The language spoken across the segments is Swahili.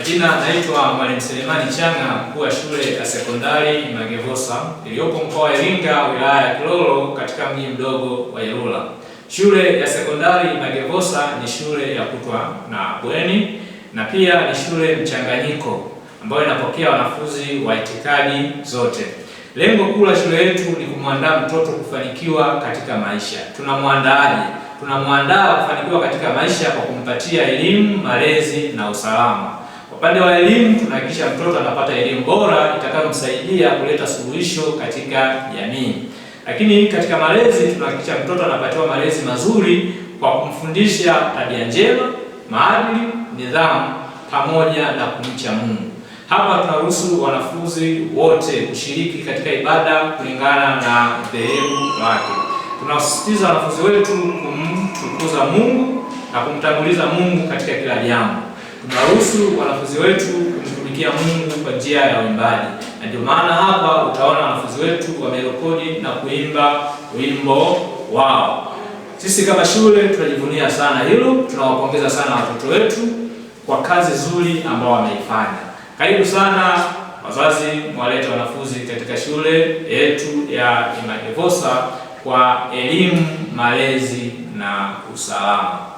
Majina naitwa Mwalimu Selemani Chang'a, mkuu wa shule ya sekondari Magevosa iliyopo mkoa wa Iringa, wilaya ya Kilolo, katika mji mdogo wa Ilula. Shule ya sekondari Magevosa ni shule ya kutwa na bweni na pia ni shule mchanganyiko ambayo inapokea wanafunzi wa itikadi zote. Lengo kuu la shule yetu ni kumwandaa mtoto kufanikiwa katika maisha. Tunamwandaaje? Tunamwandaa kufanikiwa katika maisha kwa kumpatia elimu, malezi na usalama. Upande wa elimu tunahakikisha mtoto anapata elimu bora itakayomsaidia kuleta suluhisho katika jamii. Lakini katika malezi tunahakikisha mtoto anapatiwa malezi mazuri kwa kumfundisha tabia njema, maadili, nidhamu pamoja na kumcha Mungu. Hapa tunaruhusu wanafunzi wote kushiriki katika ibada kulingana na dhehebu lake. Tunasisitiza wanafunzi wetu kumtukuza Mungu na kumtanguliza Mungu katika kila jambo tunaruhusu wanafunzi wetu kumtumikia Mungu kwa njia ya uimbaji, na ndio maana hapa utaona wanafunzi wetu wamerekodi na kuimba wimbo wao. Sisi kama shule tunajivunia sana hilo, tunawapongeza sana watoto wetu kwa kazi nzuri ambao wameifanya. Karibu sana wazazi, mwalete wanafunzi katika shule yetu ya Imagevosa kwa elimu, malezi na usalama.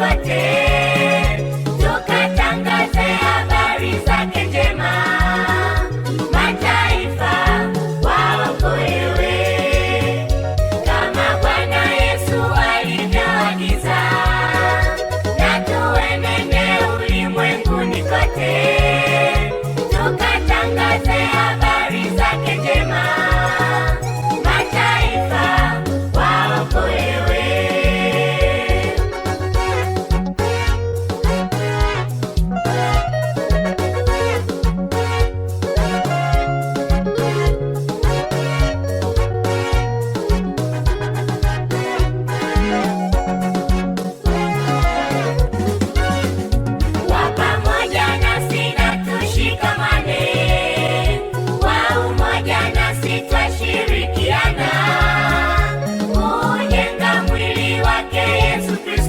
But You.